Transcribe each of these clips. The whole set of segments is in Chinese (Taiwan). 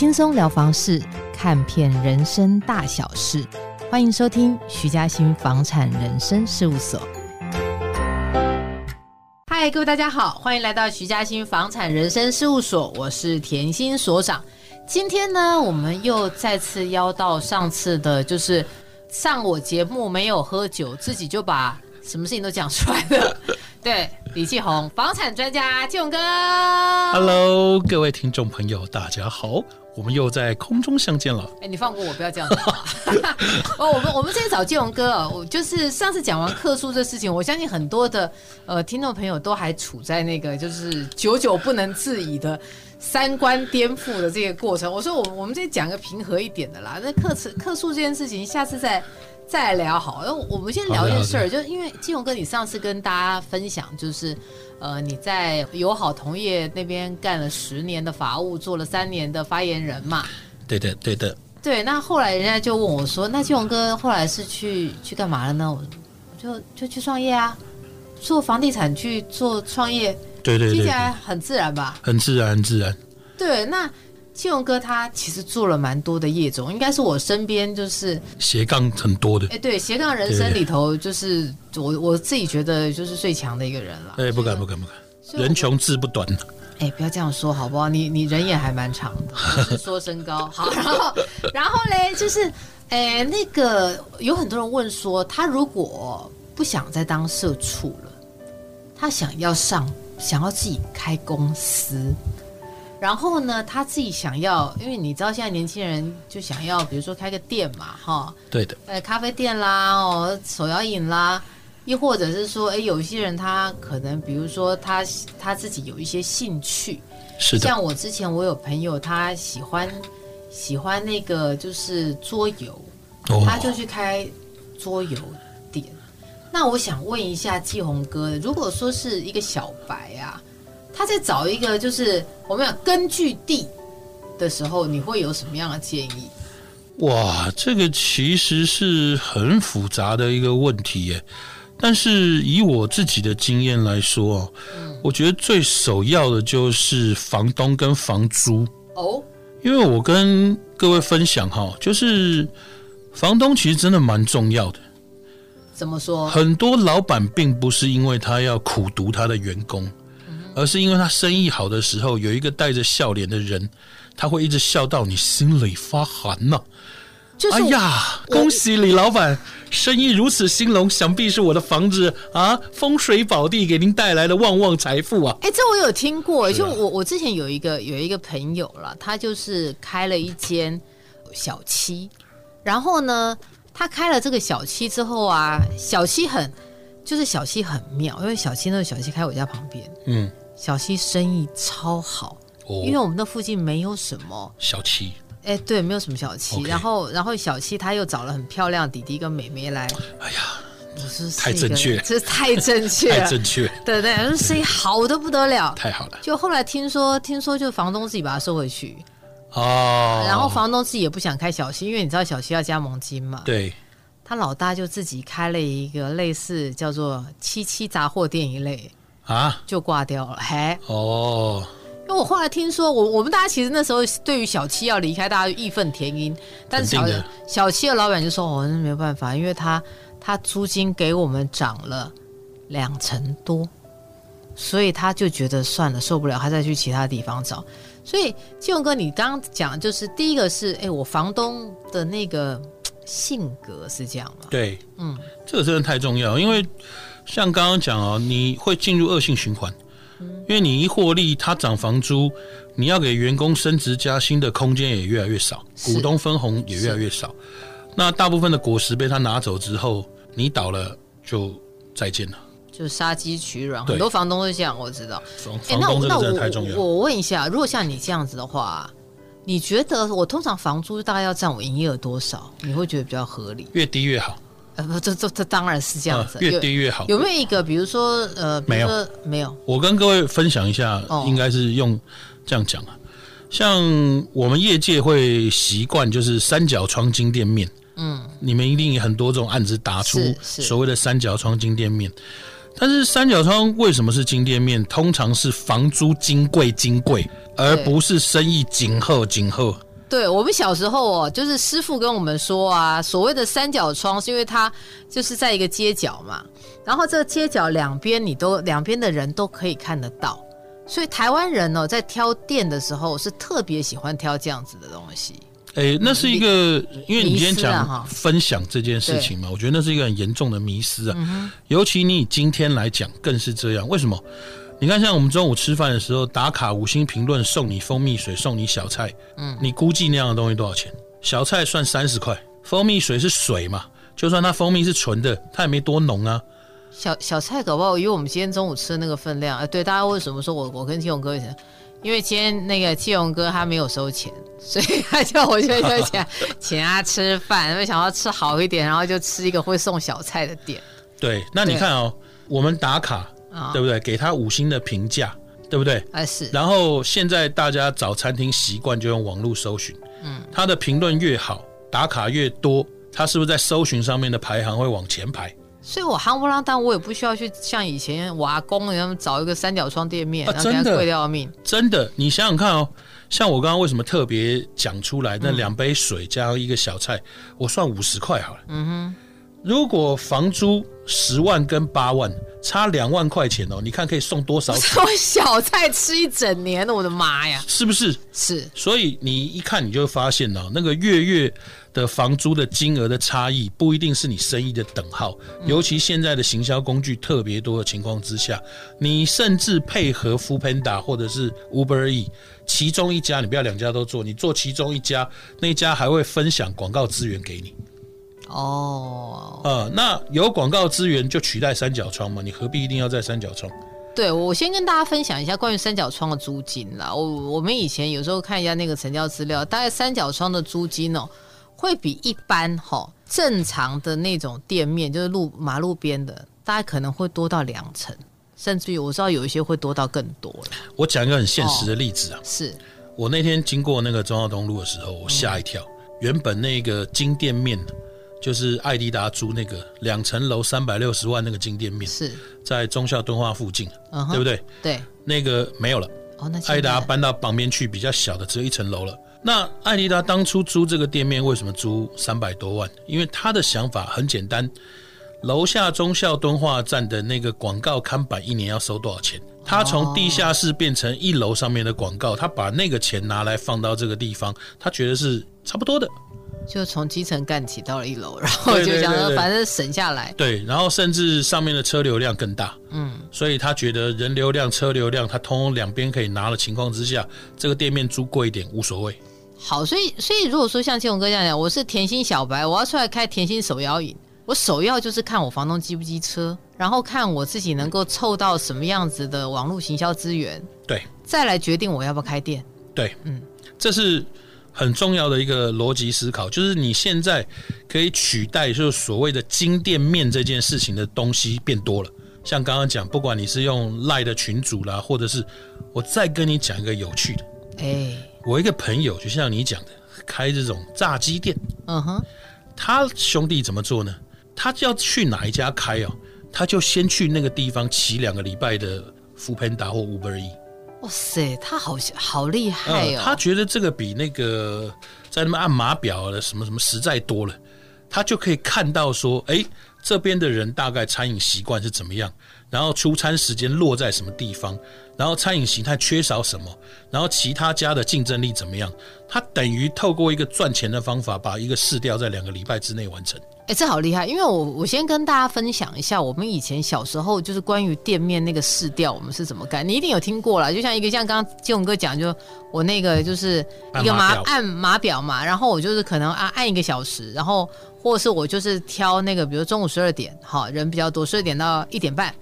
輕鬆聊房事，看遍人生大小事，歡迎收聽徐家欣房產人生事務所。嗨，各位大家好，歡迎來到徐家欣房產人生事務所，我是甜心所長。今天呢，我們又再次邀到上次的，就是上我節目沒有喝酒，自己就把什麼事情都講出來的， 對，李季鴻，房產專家，季鴻哥。Hello，各位聽眾朋友，大家好。我們又在空中相見了。哎，你放過我，不要這樣子。 哦，我們我們先找季鴻哥啊。我就是上次講完客訴這事情，我相信很多的呃聽眾朋友都還處在那個就是久久不能自已的三觀顛覆的這個過程。我說我們我們這講個平和一點的啦。那客次客訴這件事情，下次再再聊好。那我們先聊一件事兒，就因為季鴻哥，你上次跟大家分享就是。呃，你在友好同業那邊幹了十年的法務，做了三年的發言人嘛？對，對，對的，對的。對，那後來人家就問我說：“那季鴻哥後來是去去幹嘛了呢？”我就就去創業啊，做房地產去做創業。對，對對，聽起來很自然吧？很自然，很自然。對，那。季鴻哥他其實做了蠻多的業種，應該是我身邊就是斜槓很多的。哎，欸、對，斜槓人生裡頭，就是對對對我我自己覺得就是最強的一個人了。哎對，不敢不敢不敢，人窮志不短。哎、欸，不要這樣說好不好？你你人也還蠻長的，說身高 好，然後然後嘞，就是哎、欸、那個有很多人問說，他如果不想再當社畜了，他想要上想要自己開公司。然後呢，他自己想要，因為你知道現在年輕人就想要，比如說開個店嘛，哈，對的、呃，咖啡店啦，哦，手搖飲啦，亦或者是說，哎，有一些人他可能，比如說他他自己有一些興趣，是的，像我之前我有朋友他喜歡喜歡那個就是桌遊，他就去開桌遊店。哦、那我想問一下季鴻哥，如果說是一個小白啊。他在找一個就是我們要根據地的時候，你會有什麼樣的建議？哇，這個其實是很複雜的一個問題耶。但是以我自己的經驗來說，嗯、我覺得最首要的就是房東跟房租哦。因為我跟各位分享哈，就是房東其實真的蠻重要的。怎麼說？很多老闆並不是因為他要苦毒他的員工。而是因為他生意好的時候，有一個帶着笑臉的人，他會一直笑到你心裡發寒呢、啊。就哎呀，我恭喜李老闆我生意如此興隆，想必是我的房子啊，風水寶地給您帶來的旺旺財富啊。哎，這我有聽過，啊、就我我之前有一個有一個朋友了，他就是開了一間小七，然後呢，他開了這個小七之後啊，小七很就是小七很妙，因為小七那個小七開我家旁邊，嗯。小七生意超好，因為我們那附近沒有什麼小七。哎，對，沒有什麼小七。然後，然後小七他又找了很漂亮的弟弟跟妹妹來。哎呀，這是太正確，這太正確，太正確。對對，生意好的不得了，太好了。就後來聽說，聽說就房東自己把它收回去。哦。然後房東自己也不想開小七，因為你知道小七要加盟金嘛。對。他老大就自己開了一個類似叫做七七雜貨店一類。啊，就掛掉了，嘿。哦，因為我後來聽說，我我們大家其實那時候對於小七要離開，大家就義憤填膺。但是小，的小七的老闆就說：“哦，那沒辦法，因為他他租金給我們漲了兩成多，所以他就覺得算了，受不了，他再去其他地方找。”所以季鴻哥，你剛剛講就是第一個是，哎、欸，我房東的那個性格是這樣嗎？對，嗯，這個真的太重要，因為。像剛剛講哦，你會進入惡性循環，因為你一獲利，他漲房租，你要給員工升職加薪的空間也越來越少，股是東分紅也越來越少，是那大部分的果實被他拿走之後，你倒了就再見了，就殺雞取卵。對很多房東都這樣，我知道。哎，房東這個真的太重要，那我我問一下，如果像你這樣子的話，你覺得我通常房租大概要占我營業額多少？你會覺得比較合理？越低越好。這這這當然是這樣子，啊、越低越好有。有沒有一個，比如說，呃，沒有，沒有。我跟各位分享一下，哦、應該是用這樣講啊。像我們業界會習慣，就是三角窗金店面。嗯，你們一定有很多這種案子打出所謂的三角窗金店面。但是三角窗為什麼是金店面？通常是房租金貴金貴，而不是生意緊後緊後。對，我們小時候哦，就是師傅跟我們說啊，所謂的三角窗是因為它就是在一個街角嘛，然後這個街角兩邊你都兩邊的人都可以看得到，所以台灣人呢、哦，在挑店的時候是特別喜歡挑這樣子的東西。哎，那是一個，嗯、因為你今天講分享這件事情嘛，啊、我覺得那是一個很嚴重的迷思啊，嗯、哼尤其你今天來講更是這樣，為什麼？你看，像我們中午吃飯的時候打卡五星評論，送你蜂蜜水，送你小菜。嗯，你估計那樣的東西多少錢？小菜算三十塊，蜂蜜水是水嘛？就算它蜂蜜是純的，它也沒多濃啊。小小菜搞不好，因為我們今天中午吃的那個分量，啊。對，大家為什麼說我我跟季鴻哥以前？因為今天那個季鴻哥他沒有收錢，所以他叫我就要錢請， 請他吃飯，因為想要吃好一點，然後就吃一個會送小菜的店。對，那你看哦，對我們打卡。哦、對不對？給他五星的評價，對不對？哎是。然後現在大家找餐廳習慣就用網絡搜尋，嗯，他的評論越好，打卡越多，他是不是在搜尋上面的排行會往前排？所以我夯不啷噹，我也不需要去像以前我阿公他們找一個三角窗店面，啊，真的貴要命。真的，你想想看哦，像我剛剛為什麼特別講出來那兩杯水加一個小菜，嗯、我算五十塊好了。嗯哼，如果房租十萬跟八萬。差兩萬塊錢哦，你看可以送多少？送小菜吃一整年，我的媽呀！是不是？是。所以你一看，你就會發現哦，那個月月的房租的金額的差異，不一定是你生意的等號。尤其現在的行銷工具特別多的情況之下，嗯、你甚至配合 Foodpanda 或者是 Uber E，其中一家，你不要兩家都做，你做其中一家，那家還會分享廣告資源給你。哦，呃、oh, 嗯，那有廣告資源就取代三角窗嘛？你何必一定要在三角窗？對，我先跟大家分享一下關於三角窗的租金啦。我我們以前有時候看一下那個成交資料，大概三角窗的租金哦，會比一般哈、哦、正常的那種店面，就是路馬路邊的，大概可能會多到兩成，甚至於我知道有一些會多到更多的。我講一個很現實的例子啊，oh, 是。我那天經過那個忠孝東路的時候，我嚇一跳，嗯、原本那個金店面。就是艾迪達租那個兩層樓三百六十萬那個金店面是在忠孝敦化附近，uh、huh, 對不對？對，那個沒有了。哦、oh, 那艾迪達搬到旁邊去，比較小的只有一層樓了。那艾迪達當初租這個店面，為什麼租三百多萬？因為他的想法很簡單，樓下忠孝敦化站的那個廣告看板一年要收多少錢？他從地下室變成一樓上面的廣告，oh. 他把那個錢拿來放到這個地方，他覺得是差不多的。就從基層幹起到了一樓，然後就想說，反正省下來對對對對。對，然後甚至上面的車流量更大，嗯，所以他覺得人流量、車流量，他通通兩邊可以拿的情況之下，這個店面租貴一點無所謂。好，所以所以如果說像季鴻哥這樣講，我是甜心小白，我要出來開甜心手搖飲，我首要就是看我房東機不機車，然後看我自己能夠湊到什麼樣子的網絡行銷資源，對，再來決定我要不要開店。對，嗯，這是。很重要的一個邏輯思考，就是你現在可以取代，就是所謂的金店面這件事情的東西變多了。像剛剛講，不管你是用賴的群組啦，或者是我再跟你講一個有趣的，誒、欸，我一個朋友，就像你講的，開這種炸雞店，嗯哼，他兄弟怎麼做呢？他就要去哪一家開哦，他就先去那個地方騎兩個禮拜的 foodpanda 或 Uber E 哇塞，oh、say, 他好像好厲害哦、呃！他覺得這個比那個在那邊按碼表的什麼什麼實在多了，他就可以看到說，誒，這邊的人大概餐飲習慣是怎麼樣，然後出餐時間落在什麼地方，然後餐飲形態缺少什麼，然後其他家的競爭力怎麼樣，他等於透過一個賺錢的方法，把一個市調在兩個禮拜之內完成。哎、欸，這好厲害！因為我我先跟大家分享一下，我們以前小時候就是關於店面那個市調，我們是怎麼幹。你一定有聽過啦，就像一個像剛剛季鴻哥講，就我那個就是一個碼按碼表、表嘛，然後我就是可能按按一個小時，然後或者是我就是挑那個，比如說中午十二點，好，人比較多，十二點到一點半，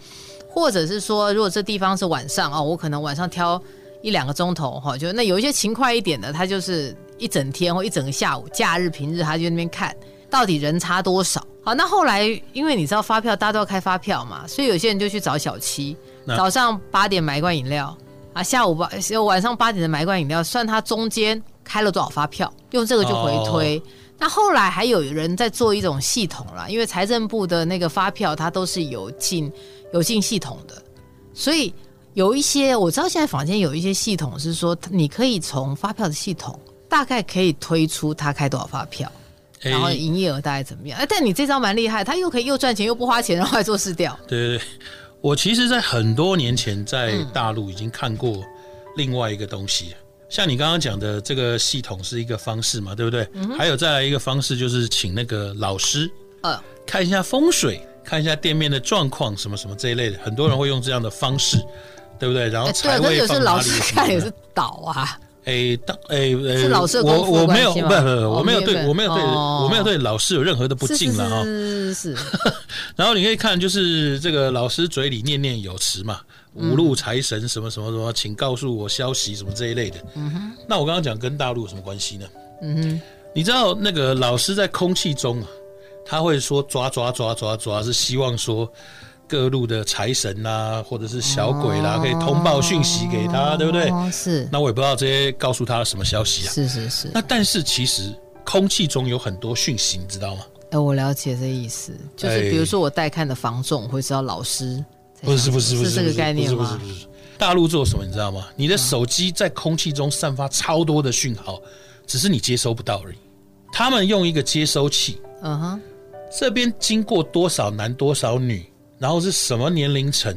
或者是說如果這地方是晚上啊，我可能晚上挑一兩個鐘頭哈。就那有一些勤快一點的，他就是一整天或一整個下午，假日平日他就在那邊看。到底人差多少？好，那後來因為你知道發票大家都要開發票嘛，所以有些人就去找小七，那早上八點買一罐飲料啊，下午八晚上八點的買一罐飲料，算他中間開了多少發票，用這個就回推。Oh. 那後來還有人在做一種系統啦，因為財政部的那個發票它都是有進有進系統的，所以有一些我知道現在坊間有一些系統是說你可以從發票的系統大概可以推出他開多少發票。然後營業額大概怎麼樣？哎、欸，但你這招蠻厲害，他又可以又賺錢又不花錢，然後來做市調。對對對，我其實，在很多年前在大陸已經看過另外一個東西，嗯、像你剛剛講的這個系統是一個方式嘛，對不對？嗯、哼還有再來一個方式，就是請那個老師，呃，看一下風水，看一下店面的狀況，什麼什麼這一類的，很多人會用這樣的方式，嗯、對不對？然後，欸、對、啊，有時候老師看也是倒啊。誒，當哎哎，誒誒是老師我我沒有不不，我沒有對我沒有對我沒有對老師有任何的不敬了啊、哦！是是，是，是，是，是然後你可以看，就是這個老師嘴裡念念有詞嘛，五路財神什麼什麼什麼，請告訴我消息什麼這一類的。嗯哼。那我剛剛講跟大陸有什麼關係呢？嗯哼。你知道那個老師在空氣中啊，他會說抓抓抓抓抓，抓，是希望說。各路的財神啦、啊，或者是小鬼啦、啊，啊、可以通報訊息給他，啊、對不對？是。那我也不知道這些告訴他什麼消息啊。是是是。那但是其實空氣中有很多訊息，你知道嗎？哎、呃，我了解這意思，就是比如說我帶看的房仲會、哎、知道老師。不是不是不是，是這個概念嗎？不是不是不是，大陸做什麼你知道嗎？你的手機在空氣中散發超多的訊號，嗯、只是你接收不到而已。他們用一個接收器，嗯哼，這邊經過多少男多少女。然後是什麼年齡層，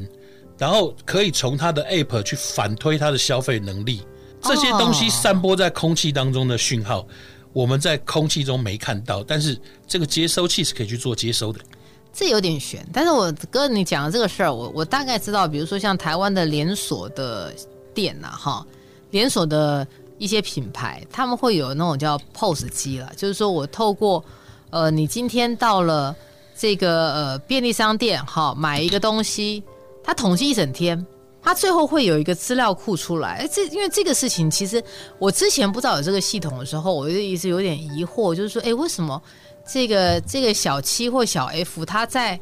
然後可以從他的 APP 去反推他的消費能力，這些東西散播在空氣當中的訊號，oh. 我們在空氣中沒看到，但是這個接收器是可以去做接收的。這有點懸，但是我跟你講的這個事兒，我我大概知道，比如說像台灣的連鎖的店吶、啊，哈，連鎖的一些品牌，他們會有那種叫 POS 機了，就是說我透過，呃，你今天到了。這個呃便利商店哈，買一個東西，他統計一整天，他最後會有一個資料庫出來。誒，這因為這個事情，其實我之前不知道有這個系統的時候，我就一直有點疑惑，就是說，誒，為什麼這個這個小七或小 F，他在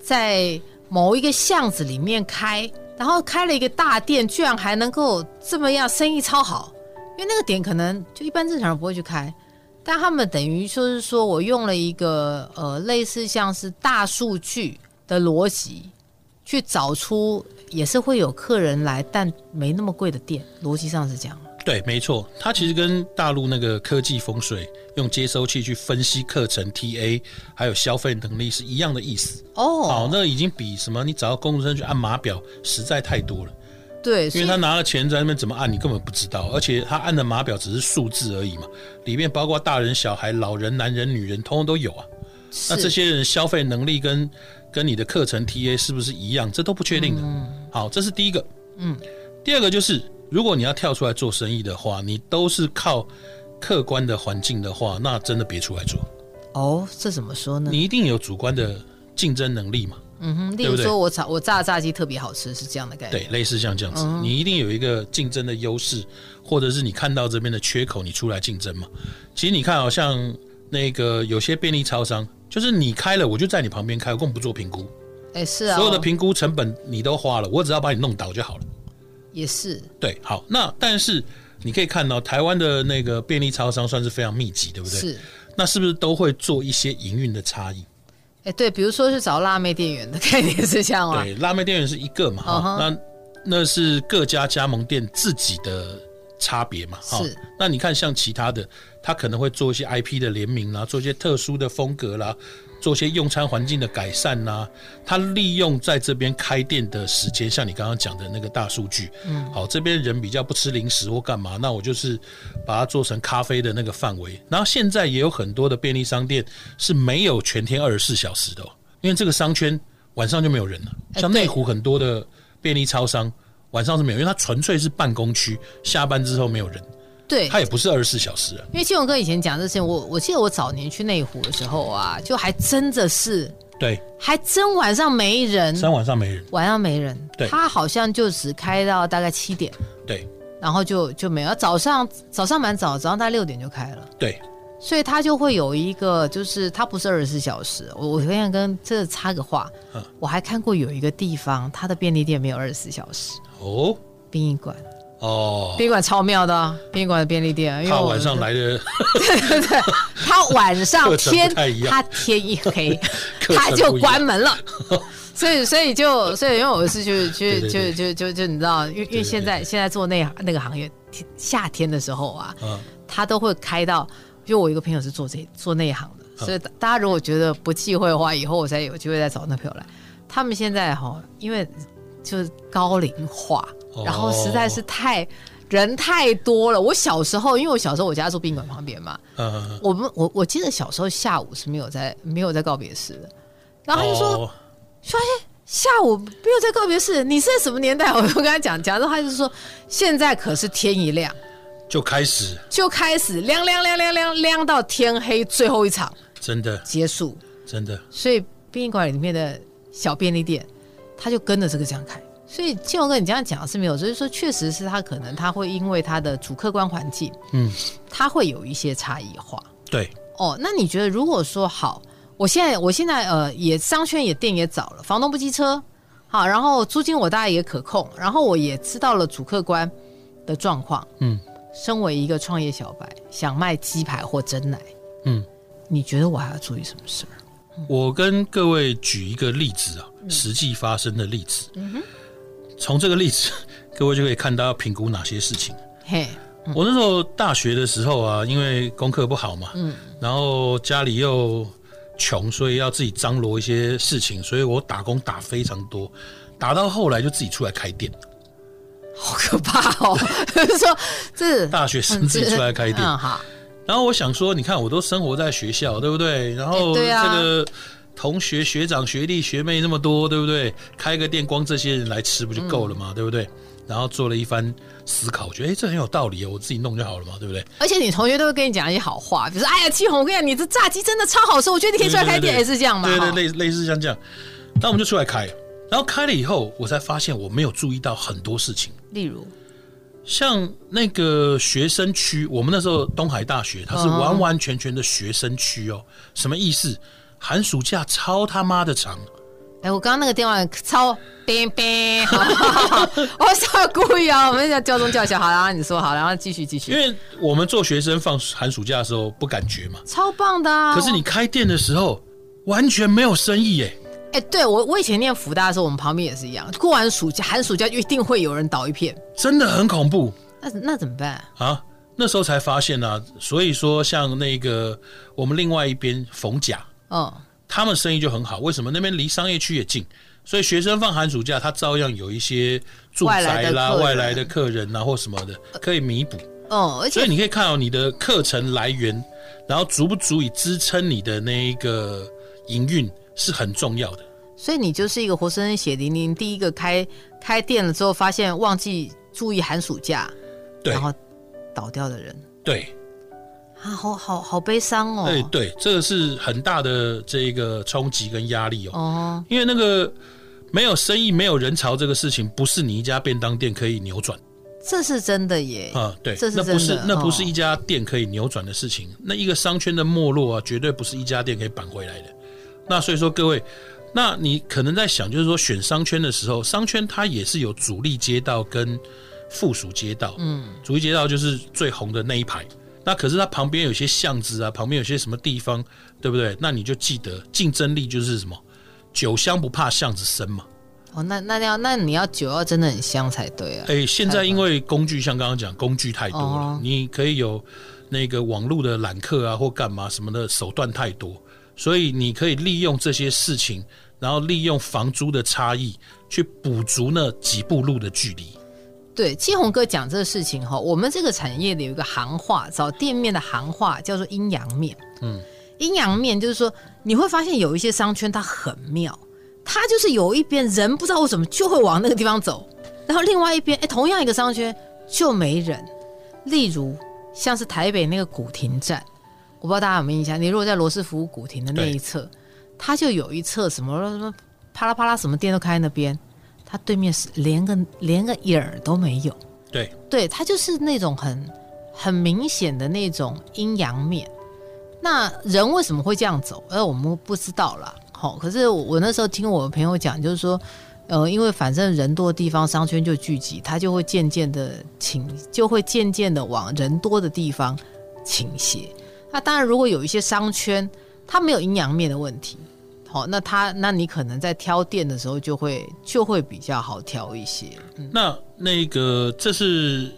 在某一個巷子裡面開，然後開了一個大店，居然還能夠這麼樣生意超好？因為那個點可能就一般正常人不會去開。但他們等於就是說，我用了一個呃類似像是大數據的邏輯去找出也是會有客人來，但沒那麼貴的店，邏輯上是這樣，對，沒錯，它其實跟大陸那個科技風水用接收器去分析課程、TA 還有消費能力是一樣的意思。Oh. 哦，好，那已經比什麼你找到工作人員去按碼表實在太多了。對，因為他拿了錢在那邊怎麼按，你根本不知道。嗯、而且他按的碼表只是數字而已嘛，裡面包括大人、小孩、老人、男人、女人，通通都有啊。是那這些人消費能力跟跟你的課程 TA 是不是一樣？這都不確定的。嗯、好，這是第一個。嗯，第二個就是，如果你要跳出來做生意的話，你都是靠客觀的環境的話，那真的別出來做。哦，這怎麼說呢？你一定有主觀的競爭能力嘛。嗯嗯哼，例如說我炒我炸炸雞特別好吃，對對是這樣的概念。對，類似像這樣子，嗯、哼你一定有一個競爭的優勢，或者是你看到這邊的缺口，你出來競爭嘛。其實你看好、哦、像那個有些便利超商，就是你開了，我就在你旁邊開，我根本不做評估。哎，是啊，所有的評估成本你都花了，我只要把你弄倒就好了。也是。對，好，那但是你可以看到、哦，台灣的那個便利超商算是非常密集，對不對？是。那是不是都會做一些營運的差異？哎，對，比如說是找辣妹店員的概念是這樣哦。對，辣妹店員是一個嘛？Uh huh. 那那是各家加盟店自己的。差別嘛，哈是、哦。那你看，像其他的，他可能會做一些 IP 的聯名啦，做一些特殊的風格啦，做一些用餐環境的改善啦。他利用在這邊開店的時間，像你剛剛講的那個大數據，嗯，好，這邊人比較不吃零食或幹嘛，那我就是把它做成咖啡的那個範圍。然後現在也有很多的便利商店是沒有全天二十四小時的，哦，因為這個商圈晚上就沒有人了。欸、像內湖很多的便利超商。晚上是沒有，因為他純粹是辦公區，下班之後沒有人。對,他也不是二十四小時啊。因為季鴻哥以前講這事情,我我記得我早年去內湖的時候啊，就還真的是對，還真晚上沒人。三晚上沒人。晚上沒人。對，他好像就只開到大概七點。對，然後就就沒有。早上早上蠻早，早上大概六點就開了。對，所以他就會有一個，就是他不是二十四小時。我我想跟這插個，個話，嗯，我還看過有一個地方，他的便利店沒有二十四小時。哦，殯儀館哦，殯儀館超妙的，殯儀館的便利店，他晚上來的，對對對，他晚上天他天一黑他就關門了，所以所以就所以因為我是就就就就就你知道，因為現在現在做那那個行業，天夏天的時候啊，他都會開到，就我一個朋友是做這做那一行的，所以大家如果覺得不忌諱的話，以後我才有機會再找那朋友來，他們現在哈，因為。就是高齡化，然後實在是太、oh. 人太多了。我小時候，因為我小時候我家住殯儀館旁邊嘛，uh. 我們我我記得小時候下午是沒有在沒有在告別式的，然後他就說，oh. 說欸、下午沒有在告別式，你是在什麼年代？我我跟他講，講的話就是說，現在可是天一亮就開始就開始亮亮亮亮亮亮到天黑最後一場，真的結束，真的。所以殯儀館裡面的小便利店。他就跟着這個這樣開。所以季鴻哥，你這樣講是沒有，所以說確實是他可能他會因為他的主客觀環境，嗯，他會有一些差異化。對，哦，那你覺得如果說好，我現在我現在呃也商圈也店也找了，房東不機車，好，然後租金我大概也可控，然後我也知道了主客觀的狀況，嗯，身為一個創業小白，想賣雞排或珍奶，嗯，你覺得我還要注意什麼事兒？我跟各位舉一個例子啊，嗯、實際發生的例子。從、嗯、哼這個例子，各位就可以看到要評估哪些事情。嘿，嗯、我那時候大學的時候啊，因為功課不好嘛，嗯、然後家裡又窮，所以要自己張羅一些事情，所以我打工打非常多，打到後來就自己出來開店。好可怕哦！ 說是大學生自己出來開店，嗯嗯然後我想說，你看，我都生活在學校，對不對？然後對呀，這個同學、學長、學弟、學妹那麼多，對不對？開個店，光這些人來吃不就夠了嗎？嗯、對不對？然後做了一番思考，我覺得，哎，這很有道理，我自己弄就好了嘛，對不對？而且你同學都會跟你講一些好話，比如說，哎呀，季鴻，我跟你講，你這炸雞真的超好吃，我覺得你可以出來開店，也是這樣嘛。對對，對，類好類似像這樣。那我們就出來開，然後開了以後，我才發現我沒有注意到很多事情，例如，像那個學生區，我們那時候東海大學，它是完完全全的學生區哦。嗯、什麼意思？寒暑假超他媽的長！哎、欸，我剛剛那個電話超冰冰，我是要故意啊！我們要叫中叫小，好了，你說好，然後繼續繼續。因為我們做學生放寒暑假的時候不感覺嘛，超棒的啊！可是你開店的時候、嗯、完全沒有生意哎、欸。對我，我以前念福大的時候，我們旁邊也是一樣，過完暑假、寒暑假，一定會有人倒一片，真的很恐怖。那那怎麼辦啊？啊？那時候才發現呢、啊。所以說，像那個我們另外一邊逢甲，哦，他們生意就很好。為什麼那邊離商業區也近？所以學生放寒暑假，他照樣有一些住宅啦、外來的客人吶、啊，或什麼的，可以彌補。哦，而且，所以你可以看到你的課程來源，然後足不足以支撐你的那一個營運是很重要的。所以你就是一個活生生血淋淋，第一個開開店了之後，發現忘記注意寒暑假，對，然後倒掉的人。對啊，好好好悲傷哦、欸。對，這個是很大的這個衝擊跟壓力哦。哦。因為那個沒有生意、沒有人潮這個事情，不是你一家便當店可以扭轉。這是真的耶。啊，對，這是真的。那不是，哦、那不是一家店可以扭轉的事情。那一個商圈的沒落啊，絕對不是一家店可以扳回來的。那所以說，各位。那你可能在想，就是說選商圈的時候，商圈它也是有主力街道跟附屬街道。嗯，主力街道就是最紅的那一排。那可是它旁邊有些巷子啊，旁邊有些什麼地方，對不對？那你就記得競爭力就是什麼“酒香不怕巷子深”嘛。哦，那那要那你要酒要真的很香才對啊。哎，現在因為工具像剛剛講，工具太多了，你可以有那個網絡的攬客啊，或幹嘛什麼的手段太多，所以你可以利用這些事情。然後利用房租的差異去補足那幾步路的距離。對，季鴻哥講這個事情哈，我們這個產業裡有一個行話，找店面的行話叫做陰陽面。嗯，陰陽面就是說，你會發現有一些商圈它很妙，它就是有一邊人不知道為什麼就會往那個地方走，然後另外一邊哎，同樣一個商圈就沒人。例如像是台北那個古亭站，我不知道大家有沒有印象，你如果在羅斯福古亭的那一側。他就有一側什麼什麼啪啦啪啦，什麼店都開那邊，他對面是連個連個影兒都沒有。對，對他就是那種很很明顯的那種陰陽面。那人為什麼會這樣走？呃，我們不知道啦。好，哦，可是我，我那時候聽我的朋友講，就是說，呃，因為反正人多的地方商圈就聚集，他就會漸漸的傾，就會漸漸的往人多的地方傾斜。那當然，如果有一些商圈。它沒有陰陽面的問題，好，哦，那它那你可能在挑店的時候就會就會比較好挑一些。嗯，那那個這是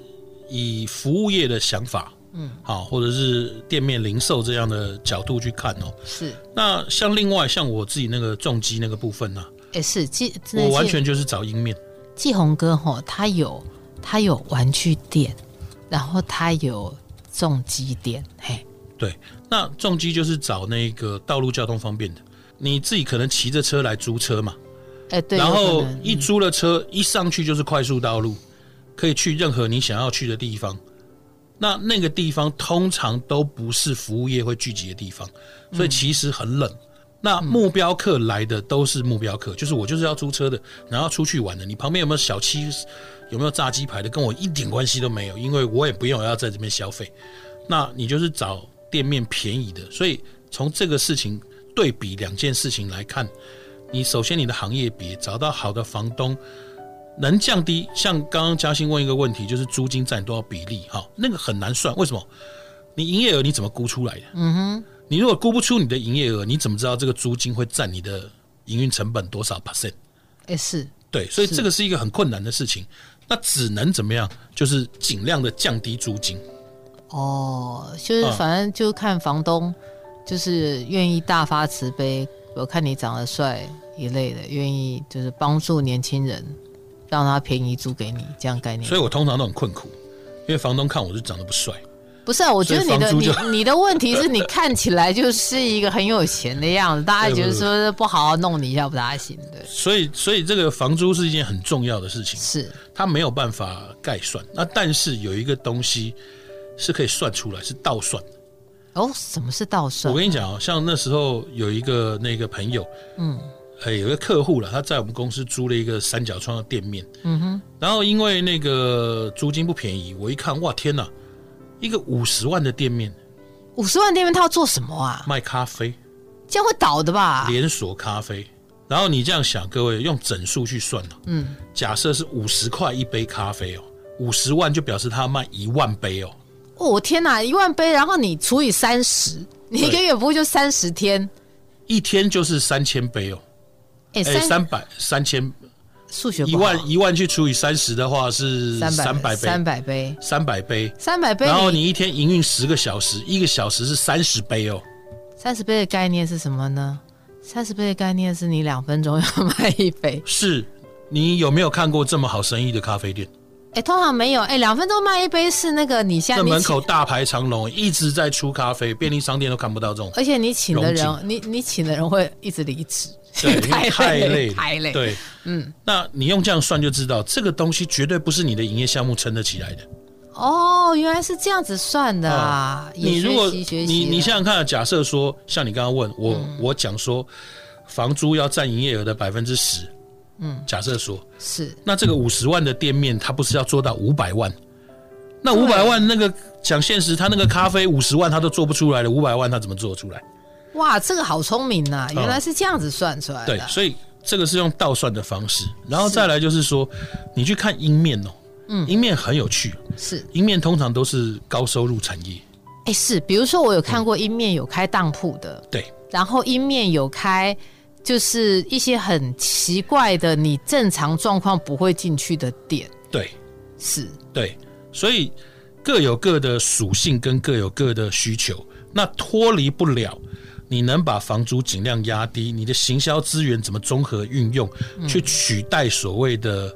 以服務業的想法，嗯，好，或者是店面零售這樣的角度去看哦。是，那像另外像我自己那個重機那個部分呢、啊？哎，欸，是我完全就是找陰面。季鴻哥哈，哦，他有他有玩具店，然後他有重機店，嘿。對，那重機就是找那個道路交通方便的，你自己可能騎着車來租車嘛，欸、對、啊，然後一租了車、嗯、一上去就是快速道路，可以去任何你想要去的地方。那那個地方通常都不是服務業會聚集的地方，所以其實很冷。嗯、那目標客來的都是目標客，嗯、就是我就是要租車的，然後出去玩的。你旁邊有沒有小七，有沒有炸雞排的，跟我一點關係都沒有，因為我也不用要在這邊消費。那你就是找。店面便宜的，所以從這個事情對比兩件事情來看，你首先你的行業比找到好的房東，能降低。像剛剛嘉興問一個問題，就是租金占多少比例？哈，那個很難算。為什麼？你營業額你怎麼估出來的？嗯哼，你如果估不出你的營業額，你怎麼知道這個租金會占你的營運成本多少 percent？哎、欸，是對，所以這個是一個很困難的事情。是那只能怎麼樣？就是盡量的降低租金。哦，就是反正就看房東，就是願意大發慈悲，我、啊、看你長得帥一類的，願意就是幫助年輕人，讓他便宜租給你這樣概念。所以我通常都很困苦，因為房東看我是長得不帥。不是啊，我覺得你的你你的問題是你看起來就是一個很有錢的樣子， 大家覺得說是不好好弄你一下不大行，對，所以所以這個房租是一件很重要的事情，是它沒有辦法概算。那但是有一個東西。是可以算出來，是倒算的哦。什麼是倒算？我跟你講、喔、像那時候有一個那個朋友，嗯，哎、欸，有一個客戶了，他在我們公司租了一個三角窗的店面，嗯哼。然後因為那個租金不便宜，我一看，哇天哪，一個五十萬的店面，五十萬的店面他要做什麼啊？賣咖啡？這樣會倒的吧？連鎖咖啡。然後你這樣想，各位用整數去算、喔、嗯，假設是五十塊一杯咖啡哦、喔，五十萬就表示他賣一萬杯哦、喔。哦、我天哪，一萬杯，然後你除以三十，你一個月不會就三十天？一天就是三千杯哦，哎、欸欸，三百三千，數學一萬一萬去除以三十的話是300三,百三百杯，三百杯，三百杯，三百杯。然後你一天營運十個小時，一個小時是三十杯哦。三十杯的概念是什麼呢？三十杯的概念是你兩分鐘要賣一杯，是你有沒有看過這麼好生意的咖啡店？哎、欸，通常沒有。哎、欸，兩分鐘賣一杯是那個你你，你現在門口大排長龍，一直在出咖啡，便利商店都看不到這種。而且你請的人， 你你請的人會一直離職，對，因為太累，太累。太累。對，嗯。那你用這樣算就知道，這個東西絕對不是你的營業項目撐得起來的。哦，原來是這樣子算的啊！你如果，你你想想看，假設說像你剛剛問我，嗯、我講說，房租要占營業額的百分之十。嗯，假設說是，那這個五十萬的店面，它不是要做到五百萬？嗯、那五百萬那個講現實，他那個咖啡五十萬他都做不出來了，五百萬他怎麼做出來？哇，這個好聰明吶、啊！嗯、原來是這樣子算出來的。對，所以這個是用倒算的方式，然後再來就是說，是你去看陰面哦、喔，嗯，陰面很有趣，是陰面通常都是高收入產業。哎、欸，是，比如說我有看過陰面有開當鋪的、嗯，對，然後陰面有開。就是一些很奇怪的，你正常狀況不會進去的點。對，是，對，所以各有各的屬性跟各有各的需求，那脫離不了。你能把房租儘量壓低，你的行銷資源怎麼綜合運用，嗯、去取代所謂的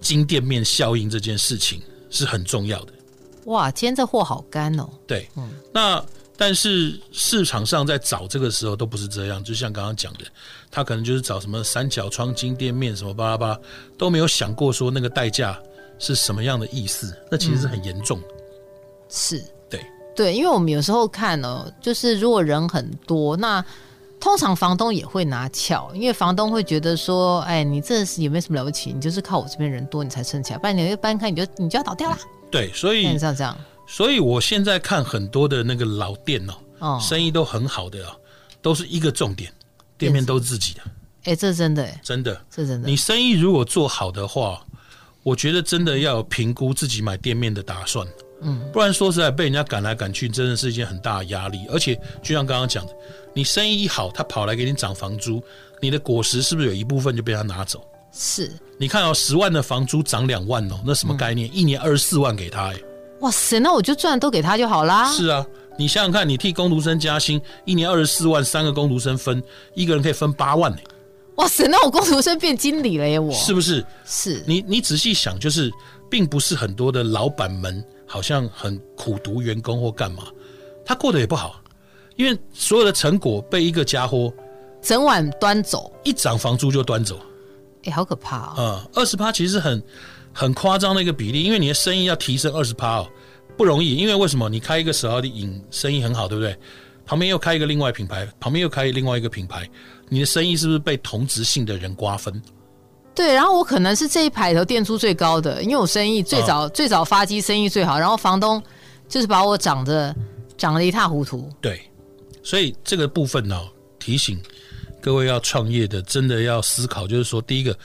金店面效應這件事情是很重要的。哇，今天這貨好乾哦。對，那。嗯但是市場上在找這個時候都不是這樣，就像剛剛講的，他可能就是找什麼三角窗金店面什麼巴拉巴，都沒有想過說那個代價是什麼樣的意思，那其實是很嚴重、嗯。是，對對，因為我們有時候看哦，就是如果人很多，那通常房東也會拿翹，因為房東會覺得說，哎，你這是也沒有什麼了不起，你就是靠我這邊人多你才撐起來，不然你又搬開，你就你就要倒掉了。嗯、對，所以像這樣。所以，我現在看很多的那個老店哦，生意都很好的哦，都是一個重點，子店面都是自己的。哎，這真的，真的，是真的。你生意如果做好的話，我覺得真的要有評估自己買店面的打算。嗯，不然說實在，被人家趕來趕去，真的是一件很大的壓力。而且，就像剛剛講的，你生意一好，他跑來給你漲房租，你的果實是不是有一部分就被他拿走？是，你看哦，十萬的房租漲兩萬哦，那什麼概念？嗯，一年二十四萬給他，哎。哇塞，那我就賺都給他就好啦。是啊，你想想看，你替工讀生加薪，一年二十四萬，三個工讀生分，一個人可以分八萬呢、欸。哇塞，那我工讀生變經理了耶、欸！我是不是？是你，你仔細想，就是並不是很多的老闆們好像很苦毒員工或幹嘛，他過得也不好，因為所有的成果被一個家伙整晚端走，一漲房租就端走，誒、欸，好可怕啊、哦！二十八其實很。很誇張的一個比例，因為你的生意要提升二十趴，哦，不容易。因為為什麼？你開一個十二的飲生意很好，對不對？旁邊又開一個另外個品牌，旁邊又開一個另外一個品牌，你的生意是不是被同質性的人瓜分？對，然後我可能是這一排裡頭店租最高的，因為我生意最早，哦，最早發跡生意最好。然後房東就是把我漲得漲得一塌糊塗。對，所以這個部分呢，哦，提醒各位要創業的，真的要思考，就是說第一個。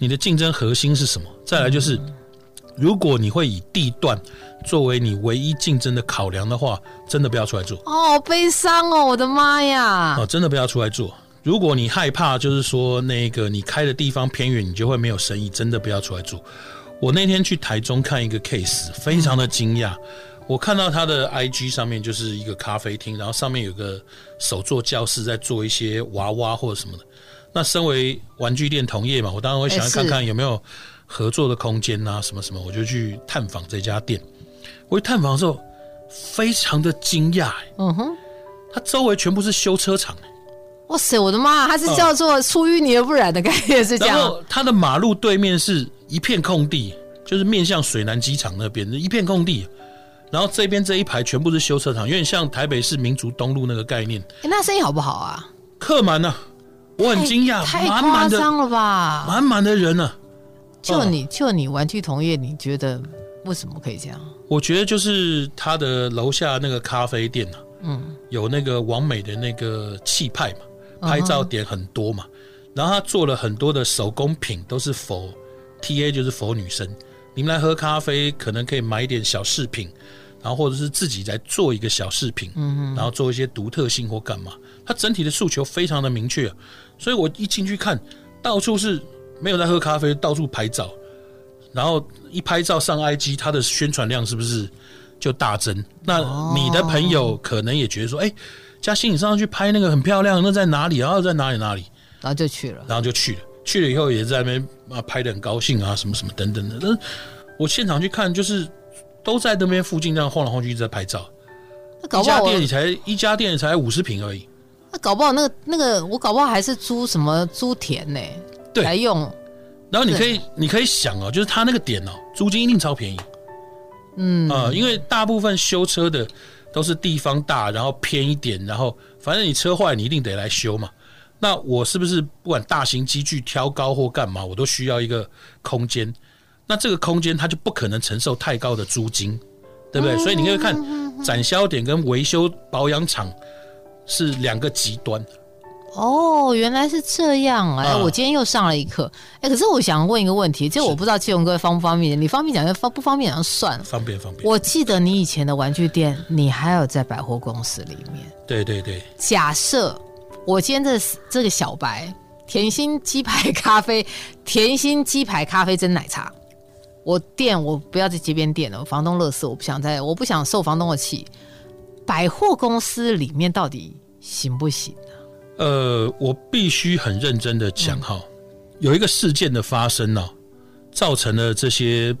你的競爭核心是什麼？再來就是，嗯、哼如果你會以地段作為你唯一競爭的考量的話，真的不要出來做。哦，悲傷哦，我的媽呀！哦，真的不要出來做。如果你害怕，就是說那個你開的地方偏遠，你就會沒有生意。真的不要出來做。我那天去台中看一個 case，非常的驚訝。嗯、哼我看到他的 IG 上面就是一個咖啡廳，然後上面有個手作教室，在做一些娃娃或者什麼的。那身為玩具店同業嘛，我當然會想要看看有沒有合作的空間啊，欸、是什麼什麼，我就去探訪這家店。我去探訪的時候，非常的驚訝、欸。嗯哼，它周圍全部是修車廠、欸。哇塞，我的媽！它是叫做出淤泥而不染的概念。是這樣、嗯。然後它的馬路對面是一片空地，就是面向水南機場那邊的一片空地。然後這邊這一排全部是修車廠，有點像台北市民族東路那個概念。欸、那生意好不好啊？客滿啊！我很驚訝，太誇張了吧！滿滿的人呢、啊，就你、嗯、就你玩具同業，你覺得為什麼可以這樣？我覺得就是他的樓下那個咖啡店啊，嗯，有那個網美的那個氣派嘛，拍照點很多嘛。嗯、哼然後他做了很多的手工品，都是 for T A，就是 for 女生。你們來喝咖啡，可能可以買一點小飾品，然後或者是自己來做一個小飾品，嗯嗯，然後做一些獨特性或幹嘛。嗯、哼他整體的訴求非常的明確、啊。所以我一進去看到處是沒有在喝咖啡，到處拍照，然後一拍照上 IG，它的宣傳量是不是就大增？那你的朋友可能也覺得說，哎、oh. 欸，嘉欣你上去拍那個很漂亮，那在哪裡？然後在哪裡？哪裡？然後就去了，然後就去了，去了以後也在那邊啊拍得很高興啊什麼什麼等等的。但是我現場去看，就是都在那邊附近這樣晃來晃去一直在拍照。那搞不好一家店才一家店才五十平而已。那、啊、搞不好那個那個我搞不好還是租什麼租田呢、欸？對，還用。然後你可以對你可以想哦，就是他那個點哦，租金一定超便宜。嗯。啊、呃，因為大部分修車的都是地方大，然後偏一點，然後反正你車壞你一定得來修嘛。那我是不是不管大型機具挑高或幹嘛，我都需要一個空間？那這個空間它就不可能承受太高的租金，對不對？嗯、所以你可以看、嗯嗯嗯、展銷點跟維修保養廠。是兩個極端哦，原來是這樣哎、啊欸，我今天又上了一課哎、欸，可是我想問一個問題，就我不知道季鴻哥方不方便，是 你方便講就方，不方便講就算了。方便方便。我記得你以前的玩具店，你還有在百貨公司裡面，對對對。假設我今天這這個小白甜心雞排咖啡、甜心雞排咖啡真奶茶，我店我不要在街邊店了，我房東樂事我不想在，我不想受房東的氣。百貨公司裡面到底行不行呢、啊？呃，我必須很認真的講哈，嗯、有一個事件的發生啊，造成了這些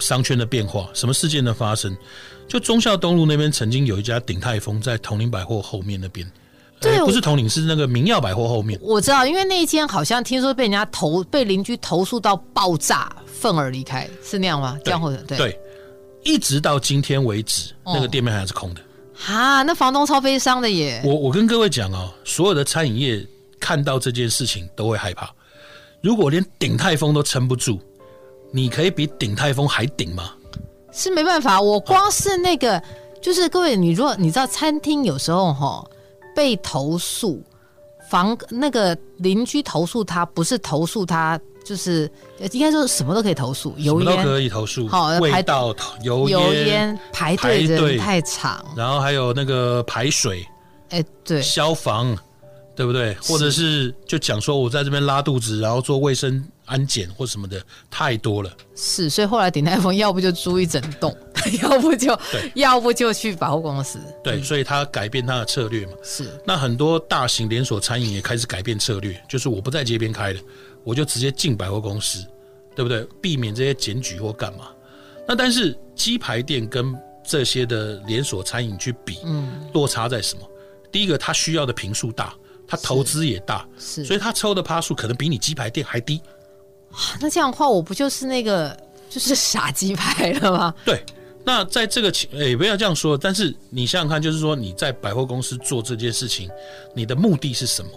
商圈的變化。什麼事件的發生？就忠孝東路那邊曾經有一家鼎泰豐在統領百貨後面那邊，對、欸，不是統領，是那個明耀百貨後面。我知道，因為那間好像聽說被人家投，被鄰居投訴到爆炸，憤而離開，是那樣嗎？對，對，對，一直到今天為止，那個店面還是空的。嗯啊，那房東超悲傷的耶！我我跟各位講哦，所有的餐飲業看到這件事情都會害怕。如果連鼎泰豐都撐不住，你可以比鼎泰豐還頂嗎？是沒辦法，我光是那個，哦、就是各位，你如果你知道餐廳有時候哈、哦、被投訴，房那個鄰居投訴他，不是投訴他。就是應該說什麼都可以投訴，油煙都可以投訴。好、哦，排味道、油煙、排隊人太長，然後還有那個排水，哎、欸，對，消防，對不對？是或者是就講說我在這邊拉肚子，然後做衛生安檢或什麼的，太多了。是，所以後來鼎泰豐要不就租一整棟，要不就對要不就去百貨公司。對，嗯、所以他改變他的策略嘛。是，那很多大型連鎖餐飲也開始改變策略，就是我不在街邊開了。我就直接進百貨公司，對不對？避免這些檢舉或幹嘛。那但是雞排店跟這些的連鎖餐飲去比，嗯，落差在什麼？第一個，他需要的坪數大，他投資也大，是，所以他抽的趴數可能比你雞排店還低。啊、那這樣的話，我不就是那個就是傻雞排了嗎？對。那在這個情，也、欸、不要這樣說。但是你想想看，就是說你在百貨公司做這件事情，你的目的是什麼？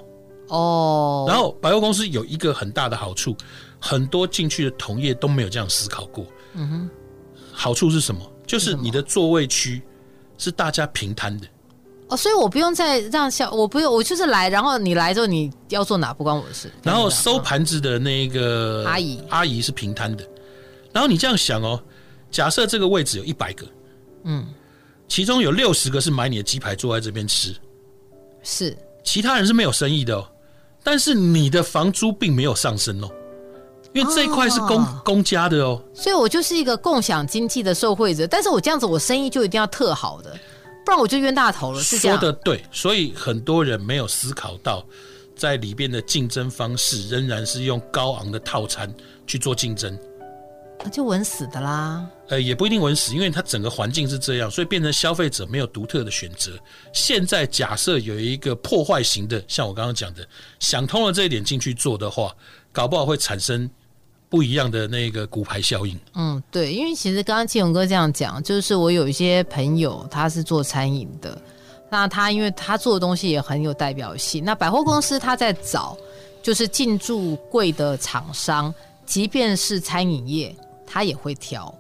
哦，oh, 然後百貨公司有一個很大的好處，很多進去的同業都沒有這樣思考過。嗯哼、mm，hmm. 好處是什麼？就是你的座位區是大家平攤的。哦，oh, 所以我不用再讓小，我不用，我就是來，然後你來之後你要坐哪，不關我的事。然後收盤子的那個阿姨，阿姨是平攤的。然後你這樣想哦，假設這個位置有一百個，嗯、mm，hmm. 其中有六十個是買你的雞排坐在這邊吃，是其他人是沒有生意的哦。但是你的房租並沒有上升哦，因為這一塊是公、哦、公家的哦，所以我就是一個共享經濟的受惠者。但是我這樣子，我生意就一定要特好的，不然我就冤大頭了。是這樣說的對，所以很多人沒有思考到，在裡邊的競爭方式仍然是用高昂的套餐去做競爭。就穩死的啦。呃、欸，也不一定穩死，因為它整個環境是這樣，所以變成消費者沒有獨特的選擇。現在假設有一個破壞型的，像我剛剛講的，想通了這一點進去做的話，搞不好會產生不一樣的那個骨牌效應。嗯，對，因為其實剛剛季鴻哥這樣講，就是我有一些朋友他是做餐飲的，那他因為他做的東西也很有代表性。那百貨公司他在找就是進駐櫃的廠商，即便是餐飲業。他也會挑，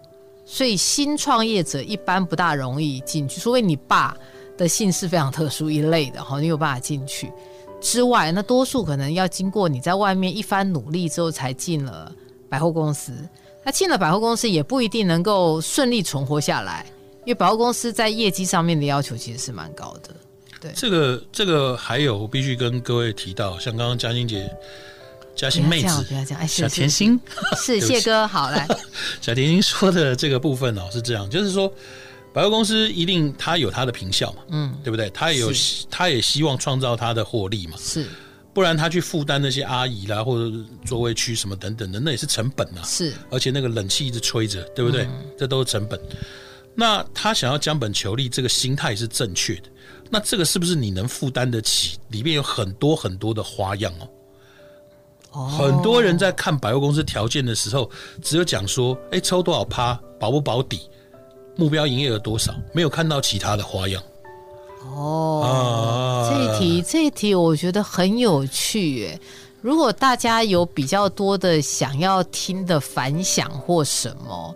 所以新創業者一般不大容易進去。除非你爸的姓氏非常特殊一類的好，你有辦法進去。之外，那多數可能要經過你在外面一番努力之後才進了百貨公司。那進了百貨公司也不一定能夠順利存活下來，因為百貨公司在業績上面的要求其實是蠻高的。對，這個這個還有我必須跟各位提到，像剛剛嘉欣姐。嘉興妹子，不要，不要小甜心是謝哥，好來。小甜心說的這個部分哦、喔，是這樣，就是說百貨公司一定他有他的坪效嘛，嗯，對不對？他也有，是他也希望創造他的獲利嘛，是，不然他去負擔那些阿姨啦，或者座位區什麼等等的，那也是成本吶、啊。是，而且那個冷氣一直吹着，對不對？嗯、這都是成本。那他想要將本求利，這個心態是正確的。那這個是不是你能負擔得起？裡面有很多很多的花樣哦、喔。很多人在看百貨公司條件的時候，只有講說，哎、欸，抽多少趴，保不保底，目標營業額多少，沒有看到其他的花樣。哦，啊、這一題、啊、這一題我覺得很有趣，耶。如果大家有比較多的想要聽的反響或什麼，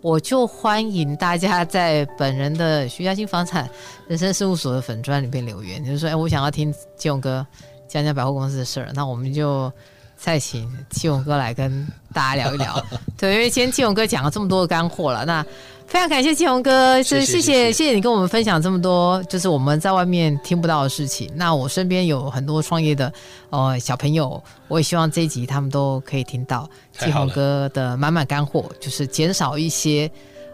我就歡迎大家在本人的徐家興房產人生事務所的粉專裡面留言，就是說，哎、欸，我想要聽季鴻哥講講百貨公司的事兒，那我們就。再請季鴻哥來跟大家聊一聊， 對，因為今天季鴻哥講了這麼多的乾貨了，那非常感謝季鴻哥，是 對謝謝謝謝你跟我們分享這麼多，就是我們在外面聽不到的事情。那我身邊有很多創業的呃小朋友，我也希望這一集他們都可以聽到季鴻哥的滿滿乾貨，就是減少一些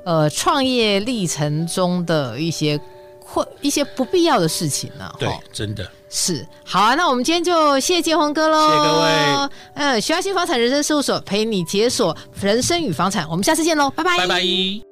呃創業歷程中的一些或一些不必要的事情呢、啊。對，真的。是好啊，那我們今天就謝謝季鴻哥嘍，謝謝各位。嗯，徐佳馨房產人生事務所陪你解鎖人生與房產，我們下次見嘍，拜拜，拜拜。